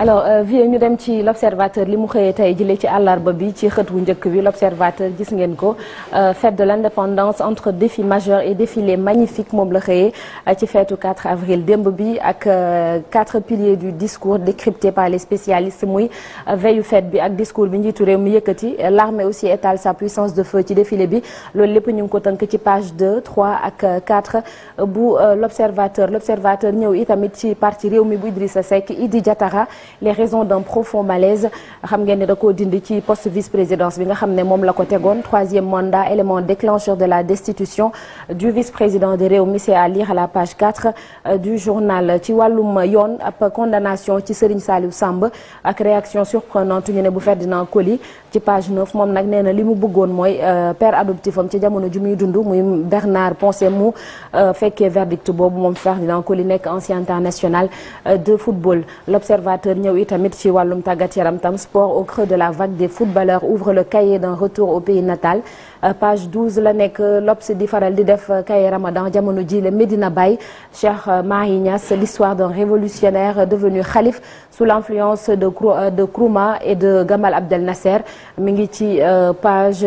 alors euh, vie ñu dem ci l'observateur li mu xëyee tey jëlee ci àllarba bi ci xët wu njëkk bi l'observateur gis ngeen ko euh, fête de l'indépendance entre défi majeur et défilé magnifique moom la xëyee euh, ci feetu 4 avril démb bi ak quatre piliers du discours décrypté par les spécialistes muy veillu fête bi ak discours bi njiitu réew mi yëkkati l'armée aussi étale sa puissance de feu ci défilé bi loolu lépp ñu ngi ko tënk ci page 2 3 ak 4 bu l'observateur l'observateur ñëw itamit ci réew mi bu Idrissa Seck Idi Diatara les raisons d'un profond malaise xam ngeen ne da koo dindi ci poste vice-présidence bi nga xam ne moom la ko tegoon troisième mandat élément déclencheur de la destitution du vice-président de Rewmi c'est à lire à la page 4 euh, du journal ci wàllum yoon ab condamnation ci Serigne Saliou Samb ak réaction surprenante ñu ne bu Ferdinand Coly ci page 9 moom nag nee na li mu bëggoon mooy euh, père adoptif am ci jamono ju muy dund muy Bernard Poncet mu euh, fekkee verdict boobu moom Ferdinand Coly nekk ancien international euh, de football l'observateur ñëw itamit ci wàllum tàggat yaram tam sport au creux de la vague des footballeurs ouvre le cahier d'un retour au pays natal Euh, page 12 la nekk euh, l'Obs di faral di def euh, kay ramadan jamono ji la Medina Baye Cheikh Mahi Niass l'histoire d'un révolutionnaire devenu khalife sous l'influence de de Nkrumah et de Gamal Abdel Nasser mi ngi ci page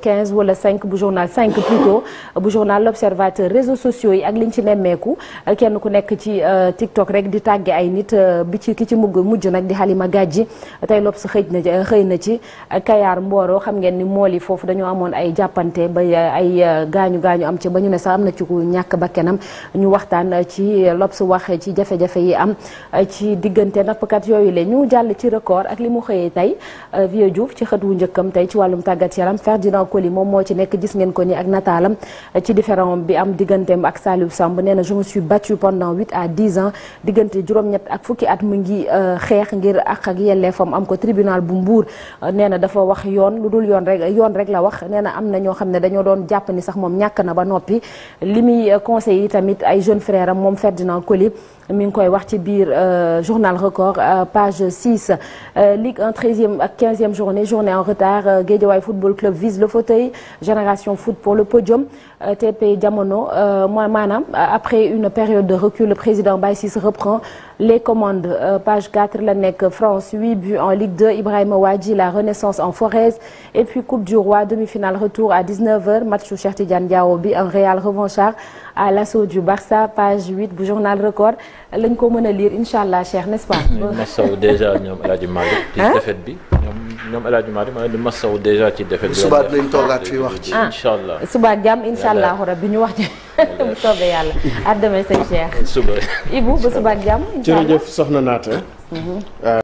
15 wala 5 bu journal 5 plutôt bu journal l'Observateur réseaux sociaux yi ak liñ ci nemmeeku kenn ku nekk ci TikTok rek di tàgge ay nit bi ci ki ci mugg mujj nag di xalima Gadji tey l'Obs xëy na xëy na ci kayaar Mboro xam ngeen ni mool yi foofu dañoo amoon ay jàppante ba euh, ay euh, gaañu gaañu am ci ba ñu ne sax am na ci ku ñàkk bakkanam ñu waxtaan euh, ci L'Obs wax ci jafe-jafe yi am ci diggante nappkat yooyu la ñu jàll ci record ak li mu xëyee tey Vieux Diouf ci xët wu njëkkam tey ci wàllum tàggat yaram Ferdinand Coly moom moo ci nekk gis ngeen ko ni ak nataalam ci différent bi am digganteem ak Saliou Samb nee na je me suis battu pendant huit à dix ans diggante juróom-ñett ak fukki at mu ngi xeex ngir ak ak yelleefam am ko tribunal bu Mbour nee na dafa wax yoon lu am na ñoo xam ne dañoo doon jàpp ni sax moom ñàkk na ba noppi li muy conseil yi tamit ay jeune frère am moom Ferdinand Coly mi ngi koy wax ci biir euh, journal record euh, page 6 euh, Ligue 1 13e ak 15e journée journée en retard Guédiawaye football club vise le fauteuil Génération Foot pour le podium TP Jamono mooy maanaam après une période de recul le président Baye Ciss reprend les commandes page 4 la nekk France 8 buts en Ligue 2 Ibrahima Wadji la renaissance en Forez et puis Coupe du Roi demi-finale retour à 19h matchu Cheikh Tidiane Diawo bi un Real revanchard à l'assaut du Barça lañ ko mën a lire incha allah Cheikh n'est-ce pas. masawu dèjà ñoom El Hadj ci défaite bi ñoom ñoom El Hadj Malick ma di masawu ci défaite bi. subaat lañ toogaat fi wax ci. Ah, incha allah subaat jàmm incha allah rabbi ñu wax ci bu soobee yàlla. à demain sëñ Cheikh. suba Ibou ba subaat jàmm. incha allah jërëjëf soxna Naata. Mhm. Euh,